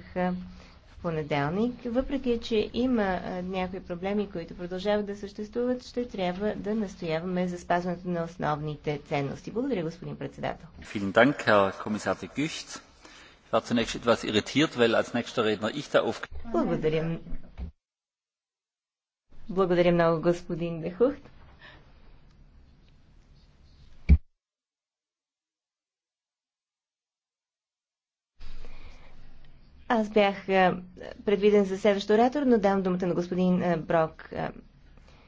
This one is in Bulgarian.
започнаха в понеделник. Въпреки, че има някои проблеми, които продължават да съществуват, ще трябва да настояваме за спазването на основните ценности. Благодаря, господин председател. Благодаря. Благодаря много, господин Дехухт. Аз бях предвиден за следващ оратор, но дам думата на господин Брок.